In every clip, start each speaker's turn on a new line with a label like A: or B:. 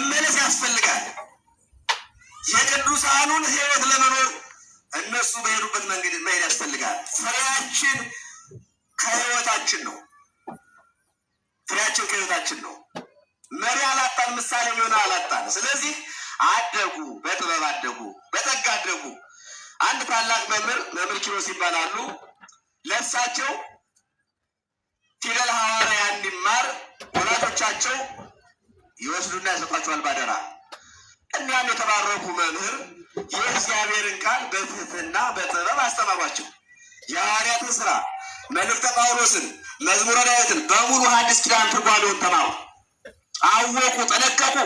A: መመለስ ያስፈልጋል። የቅዱሳኑን ህይወት ለመኖር እነሱ በሄዱበት መንገድ መሄድ ያስፈልጋል። ፍሬያችን ከህይወታችን ነው። ፍሬያችን ከህይወታችን ነው። መሪ አላጣን፣ ምሳሌ የሚሆነ አላጣን። ስለዚህ አደጉ፣ በጥበብ አደጉ፣ በጠጋ አደጉ። አንድ ታላቅ መምህር መምህር ኪሮስ ይባላሉ። ለእሳቸው ፊደል ሐዋርያ እንዲማር ወላጆቻቸው ይወስዱና ያሰጧቸዋል ባደራ። እናም የተባረኩ መምህር የእግዚአብሔርን ቃል በትህትና በጥበብ አስተማሯቸው። የሐዋርያትን ስራ፣ መልእክተ ጳውሎስን፣ መዝሙረ ዳዊትን በሙሉ ሐዲስ ኪዳን ትርጓሜውን ተማሩ፣ አወቁ፣ ጠነቀቁ።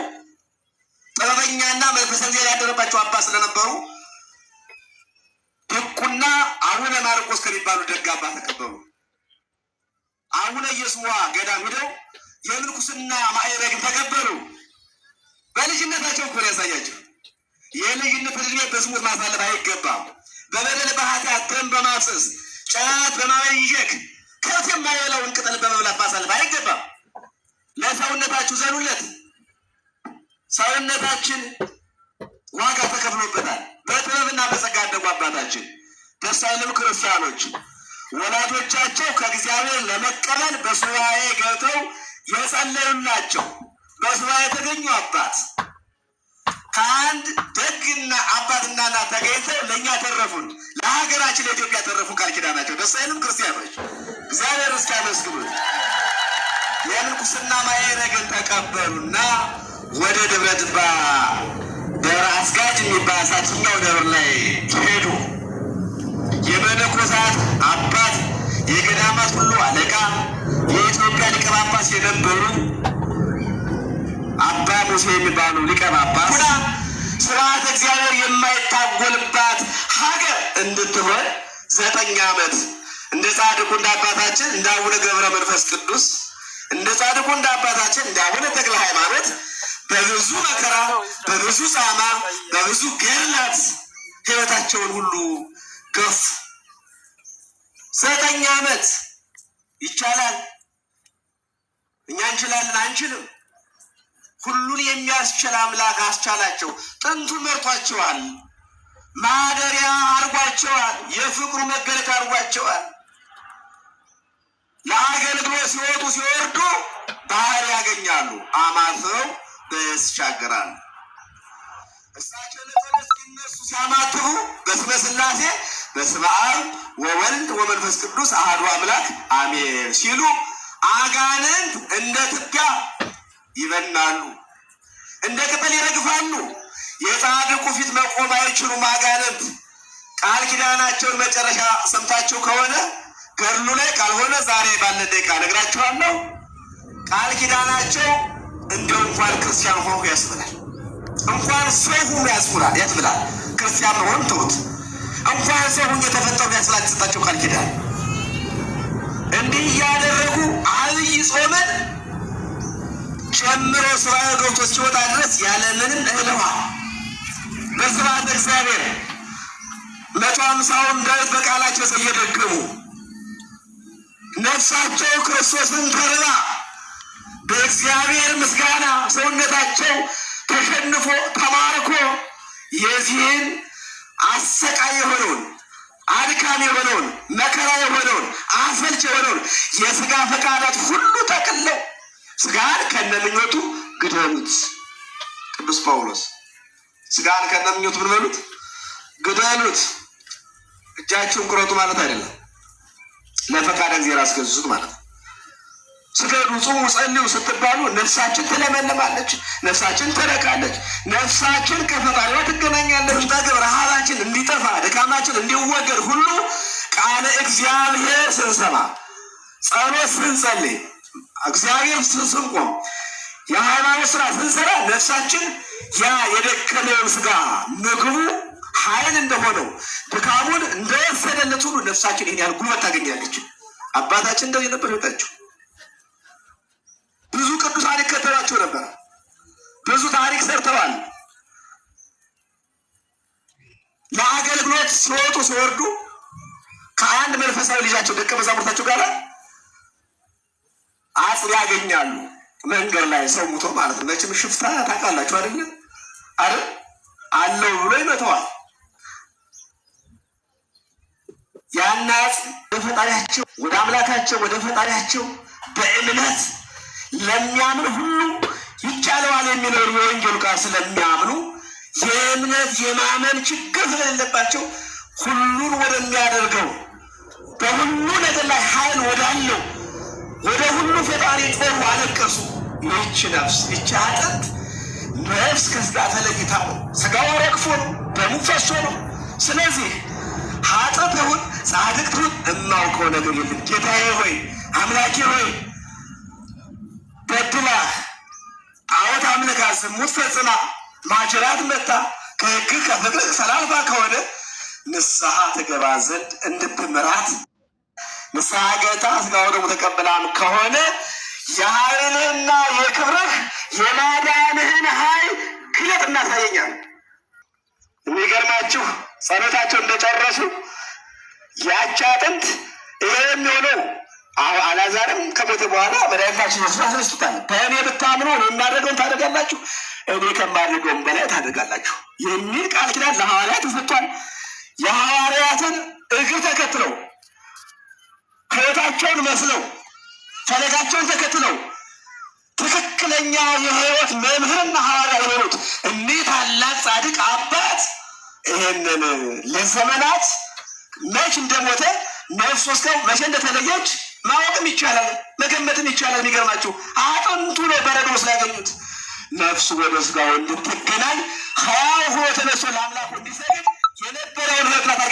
A: ጥበበኛና መንፈሰ እግዚአብሔር ያደረባቸው አባት ስለነበሩ ብቁና አቡነ ማርቆስ ከሚባሉ ደግ አባት ተቀበሉ። አቡነ ኢየሱዋ ገዳም ሂደው የምንኩስና ማዕረግ ተቀበሉ። በልጅነታቸው እኮ ያሳያቸው። የልጅነት ዕድሜ በዝሙት ማሳለፍ አይገባም። በበደል በኃጢአት ደም በማፍሰስ ጫት በማበየክ ከብት የማይበላውን ቅጠል በመብላት ማሳለፍ አይገባም። ለሰውነታችሁ ዘኑለት። ሰውነታችን ዋጋ ተከፍሎበታል። በጥበብና በጸጋ ያደጉ አባታችን ደስ ክርስቲያኖች ወላጆቻቸው ከእግዚአብሔር ለመቀበል በሱባኤ ገብተው የጸለዩላቸው በስራ የተገኙ አባት ከአንድ ደግና አባትና እናት ተገኝተው ለእኛ ተረፉን፣ ለሀገራችን ለኢትዮጵያ ተረፉን ቃል ኪዳናቸው ደስ አይልም? ክርስቲያኖች እግዚአብሔር እስኪያመስግኑት የንኩስና ማዕረግን ተቀበሉና ወደ ደብረ ድባ ደብረ አስጋጅ የሚባል ሳችኛው ደብር ላይ ሄዱ። የመነኮሳት አባት የገዳማት ሁሉ አለቃ የኢትዮጵያ ሊቀ ጳጳስ የነበሩ አባ ሙሴ የሚባሉ ሊቀ ጳጳስ ስርዓት እግዚአብሔር የማይታጎልባት ሀገር እንድትሆን ዘጠኝ ዓመት እንደ ጻድቁ እንደ አባታችን እንደ አቡነ ገብረ መንፈስ ቅዱስ እንደ ጻድቁ እንደ አባታችን እንደ አቡነ ተክለ ሃይማኖት በብዙ መከራ በብዙ ጻማ በብዙ ገድላት ህይወታቸውን ሁሉ ገፉ። ዘጠኝ ዓመት ይቻላል። ልንችላለን አንችልም። ሁሉን የሚያስችል አምላክ አስቻላቸው። ጥንቱን መርቷቸዋል። ማደሪያ አርጓቸዋል የፍቅሩ መገለጫ አርጓቸዋል ለአገልግሎት ሲወጡ ሲወርዱ ባህር ያገኛሉ። አማትረው በስሻገራሉ። እሳቸው ለተነስ ሲነሱ ሲያማትሩ በስመ ሥላሴ በስመ አብ ወወልድ ወመንፈስ ቅዱስ አህዱ አምላክ አሜን ሲሉ አጋንንት እንደ ትቢያ ይበናሉ፣ እንደ ቅጠል ይረግፋሉ። የጻድቁ ፊት መቆም አይችሉም። አጋንንት ቃል ኪዳናቸውን መጨረሻ ሰምታችሁ ከሆነ ገድሉ ላይ ካልሆነ ዛሬ ባለ ደቂቃ ነግራችኋለሁ። ቃል ኪዳናቸው እንደው እንኳን ክርስቲያን ሆ ያስብላል፣ እንኳን ሰው ሁሉ ያስብላል። ክርስቲያን መሆን ተውት፣ እንኳን ሰው ሁሉ የተፈጠሩ ያስብላል። የተሰጣቸው ቃል ኪዳን እንዲህ እያደረጉ አብይ ጾምን ጨምሮ ስራ ገብቶ ሲወጣ ድረስ ያለምንም እህለዋ በስርዓተ እግዚአብሔር መቶ አምሳውን ዳዊት በቃላቸው እየደገሙ ነፍሳቸው ክርስቶስን ተርባ በእግዚአብሔር ምስጋና ሰውነታቸው ተሸንፎ ተማርኮ የዚህን አሰቃይ የሆነውን አድካም የሆነውን መከራ አሰልች የሆነውን የስጋ ፈቃዳት ሁሉ ጠቅለው ስጋን ከነምኞቱ ግደሉት። ቅዱስ ጳውሎስ ስጋን ከነምኞቱ ምን በሉት? ግደሉት። እጃችሁን ቁረጡ ማለት አይደለም፣ ለፈቃደ እግዚአብሔር አስገዙት ማለት ነው። ስገዱ፣ ጽሙ፣ ጸልዩ ስትባሉ ነፍሳችን ትለመልማለች፣ ነፍሳችን ትረካለች፣ ነፍሳችን ከፈጣሪዋ ትገናኛለች። ጠግብ ረሃባችን እንዲጠፋ ድካማችን እንዲወገድ ሁሉ ቃለ እግዚአብሔር ስንሰማ፣ ጸሎት ስንጸልይ፣ እግዚአብሔር ስንቆም፣ የሃይማኖት ስራ ስንሰራ ነፍሳችን ያ የደከመውን ስጋ ምግቡ ኃይል እንደሆነው ድካሙን እንደወሰደለት ሁሉ ነፍሳችን ይህን ያህል ጉልበት ታገኛለች። አባታችን እንደው የነበር ህይወታቸው። ብዙ ቅዱሳን ይከተላቸው ነበር። ብዙ ታሪክ ሰርተዋል። ለአገልግሎት ሲወጡ ሲወርዱ ከአንድ መንፈሳዊ ልጃቸው ደቀ መዛሙርታቸው ጋር አጽ ያገኛሉ። መንገድ ላይ ሰው ሙቶ ማለት ነው። መቼም ሽፍታ ታውቃላችሁ አይደለ? አረ አለው ብሎ ይመተዋል። ያን አጽድ በፈጣሪያቸው ወደ አምላካቸው ወደ ፈጣሪያቸው በእምነት ለሚያምን ሁሉ ይቻለዋል የሚኖሩ የወንጌሉ ቃል ስለሚያምኑ የእምነት የማመን ችግር ስለሌለባቸው ሁሉን ወደሚያደርገው በሁሉ ነገር ላይ ኃይል ወዳለው ወደ ሁሉ ፈጣሪ ጮሁ፣ አለቀሱ። ይህች ነፍስ ይች አጠት ነፍስ ከስጋ ተለይታ ነው። ስጋው ረግፎ ነው፣ ደሙ ፈሶ ነው። ስለዚህ ኃጥእ ትሁን ጻድቅ ትሁን እናውቀው ነገር የለም። ጌታዬ ሆይ አምላኬ ሆይ በድላ ጣዖት አምልካ ዝሙት ፈጽማ ማጅራት መታ ከህግ ከፍቅር ሰላልባ ከሆነ ንስሐ ትገባ ዘንድ እንድትምራት ንስሐ ገብታ ስጋውን ደግሞ ተቀብላም ከሆነ የኃይልህና የክብርህ የማዳንህን ኃይል ክለት እናሳየኛል። የሚገርማችሁ ጸሎታቸው እንደጨረሱ ያቺ አጥንት ይሄ የሚሆነው አላዛርም ከሞተ በኋላ መድኃኒታችን ስራ ተነስቶታል። በእኔ ብታምኑ እኔ የማደርገውን ታደርጋላችሁ፣ እኔ ከማደርገውን በላይ ታደርጋላችሁ የሚል ቃል ኪዳን ለሐዋርያት ተሰጥቷል። የሐዋርያትን እግር ተከትለው ህይወታቸውን መስለው ፈለጋቸውን ተከትለው ትክክለኛ የህይወት መምህርና ሐዋርያ የሆኑት እኒህ ታላቅ ጻድቅ አባት ይህንን ለዘመናት መች እንደሞተ ነፍስ መቼ እንደተለየች ማወቅም ይቻላል፣ መገመትም ይቻላል። የሚገርማችሁ አጥንቱ ነው በረዶ ስላገኙት ነፍሱ ወደ ስጋው እንድትገናኝ ሕያው ሆኖ ተነስቶ ለአምላኩ እንዲሰ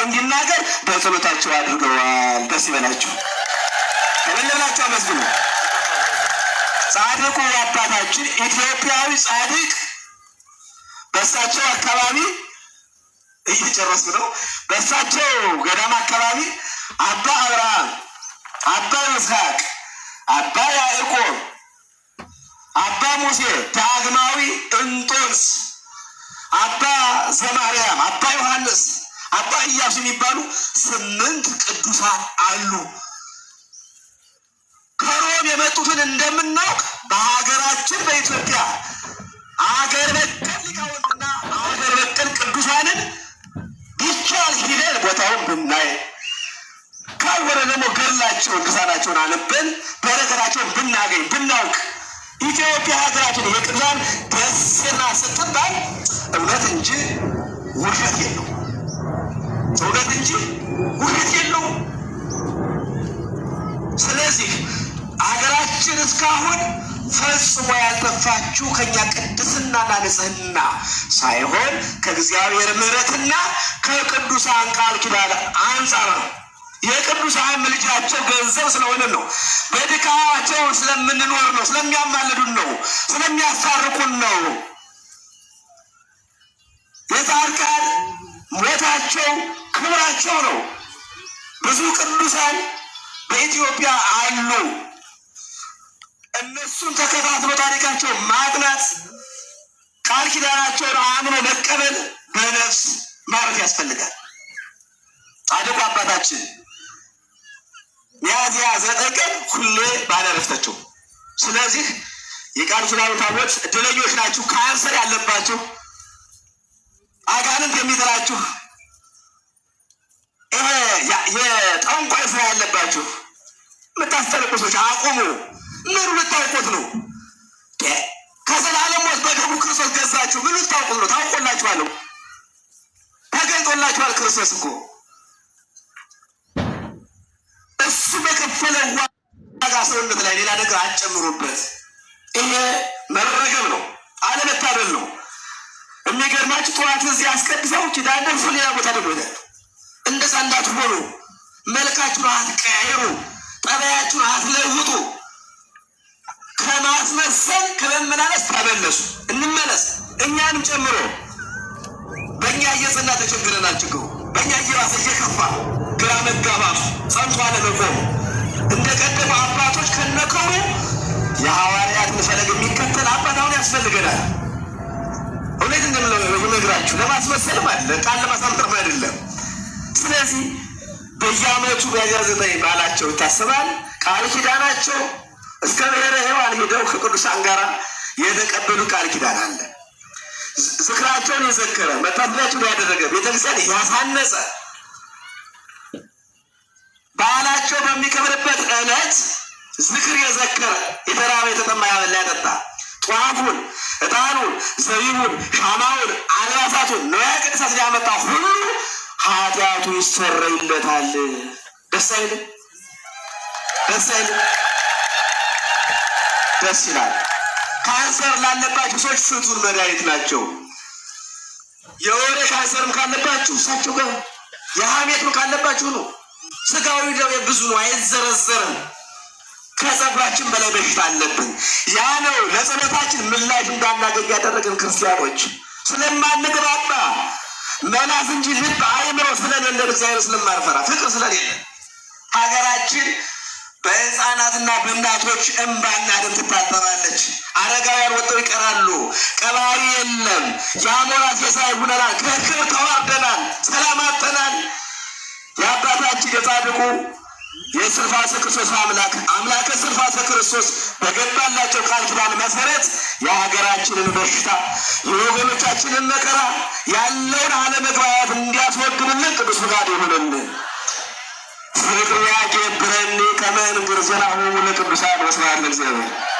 A: እንዲናገር በጸሎታቸው አድርገዋል። ደስ ይበላችሁ፣ ተበለላቸው አመስግኑ። ጻድቁ አባታችን ኢትዮጵያዊ ጻድቅ በእሳቸው አካባቢ እየጨረስ ነው። በእሳቸው ገዳም አካባቢ አባ አብርሃም፣ አባ ይስሐቅ፣ አባ ያዕቆብ፣ አባ ሙሴ፣ ዳግማዊ እንጦንስ፣ አባ ዘማርያም፣ አባ ዮሐንስ አባ እያሱ የሚባሉ ስምንት ቅዱሳን አሉ። ከሮም የመጡትን እንደምናውቅ በሀገራችን በኢትዮጵያ አገር በቀል ሊቃውንትና አገር በቀል ቅዱሳንን ቢቻል ሂደን ቦታውን ብናይ ካልሆነ ደግሞ ገድላቸውን ድርሳናቸውን አንብበን በረከታቸውን ብናገኝ ብናውቅ ኢትዮጵያ ሀገራችን የቅዱሳን ደስና ስትባል እውነት እንጂ ውሸት የለው። እውነት እንጂ ውሸት የለውም። ስለዚህ ሀገራችን እስካሁን ፈጽሞ ያልጠፋችው ከኛ ቅድስናና ንጽህና ሳይሆን ከእግዚአብሔር ምሕረትና ከቅዱሳን ቃል ኪዳን አንጻር ነው። የቅዱሳን ምልጃቸው ገንዘብ ስለሆነ ነው። በድካቸው ስለምንኖር ነው። ስለሚያማልዱን ነው። ስለሚያስታርቁን ነው። የጻድቃን ውበታቸው ክብራቸው ነው። ብዙ ቅዱሳን በኢትዮጵያ አሉ። እነሱን ተከታትሎ ታሪካቸው ማጥናት ቃል ኪዳናቸውን አምኖ መቀበል በነፍስ ማረፍ ያስፈልጋል። ጻድቁ አባታችን ሚያዝያ ዘጠኝ ቀን ሁሌ ባለረፍታቸው። ስለዚህ የቃል ኪዳኑ ታቦት እድለኞች ናችሁ። ካንሰር ያለባችሁ የሚጥላችሁ የጠንቋይ ስራ ያለባችሁ የምታስጠልቁ ሰዎች አቁሙ። ምን ልታውቁት ነው? ከዘላለም ሞት በደሙ ክርስቶስ ገዛችሁ። ምን ልታውቁት ነው? ታውቆላችኋል፣ ተገልጦላችኋል። ክርስቶስ እኮ እሱ በከፈለ ዋጋ ሰውነት ላይ ሌላ ነገር አጨምሩበት። ይሄ መረገም ነው፣ አለመታደል ነው። የሚገርማችሁ ጠዋት እዚህ አስቀድሰው ኪዳን ደርሶ ሌላ ቦታ ደግሞ ደብሎታል። እንደዛ እንዳትሆኑ፣ መልካችሁን አትቀያይሩ፣ ጠባያችሁን አትለውጡ። ከማስመሰል ከመመላለስ ተመለሱ። እንመለስ፣ እኛንም ጨምሮ በእኛ እየጽና ተቸግረናል። ችግሩ በእኛ እየባሰ እየከፋ ግራ መጋባቱ ጸንቶ አለመቆሙ እንደ ቀደሙ አባቶች ከነከሩ የሐዋርያት ፈለግ የሚከተል አባት አሁን ያስፈልገናል። ታውቃላችሁ። ለማስመሰልም አለ ቃል ለማሳምጠርም አይደለም። ስለዚህ በየአመቱ በዚያ ዘጠኝ በዓላቸው ይታሰባል። ቃል ኪዳናቸው እስከ ብሔረ ሕያዋን ሄደው ከቅዱሳን ጋር የተቀበሉ ቃል ኪዳን አለ። ዝክራቸውን የዘከረ መታሰቢያቸውን ያደረገ ቤተክርስቲያን ያሳነጸ በዓላቸው በሚከብርበት ዕለት ዝክር የዘከረ የተራበ የተጠማ ያበላ ያጠጣ ጧፉን፣ እጣኑን፣ ዘቢቡን፣ ሻማውን፣ አልባሳቱን ንዋየ ቅድሳት ያመጣ ሁሉ ኃጢአቱ ይሰረይለታል። ደስ አይልም? ደስ አይልም? ደስ ይላል። ካንሰር ላለባቸው ሰዎች ፍቱን መድኃኒት ናቸው። የወደ ካንሰርም ካለባችሁ እሳቸው ጋር፣ የሀሜትም ካለባችሁ ነው። ስጋዊ ደዌ ብዙ ነው፣ አይዘረዘርም። ከጸጉራችን በላይ በሽታ አለብን። ያ ነው ለጸሎታችን ምላሽ እንዳናገኝ ያደረግን ክርስቲያኖች ስለማንግባባ መላስ እንጂ ልብ አይምሮ ስለሌለን እግዚአብሔር ስለማርፈራ ፍቅር ስለሌለን ሀገራችን በህፃናትና በእናቶች እምባና ደም ትታጠባለች። አረጋውያን ወጥተው ይቀራሉ። ቀባሪ የለም። የአሞራ ሲሳይ ሁነናል። ከክብር ተዋርደናል። ሰላም አጥተናል። የአባታችን የጻድቁ የስርፋሰ ክርስቶስ አምላክ አምላከ ስርፋሰ ክርስቶስ በገባላቸው ቃል ኪዳን መሰረት የሀገራችንን በሽታ የወገኖቻችንን መከራ ያለውን አለመግባባት እንዲያስወግድልን ቅዱስ ፍቃድ ይሁንልን። ፍቅር ያቄ ብረኒ ከመንግር ዘናሁ ለቅዱሳን ወስብሐት ለእግዚአብሔር።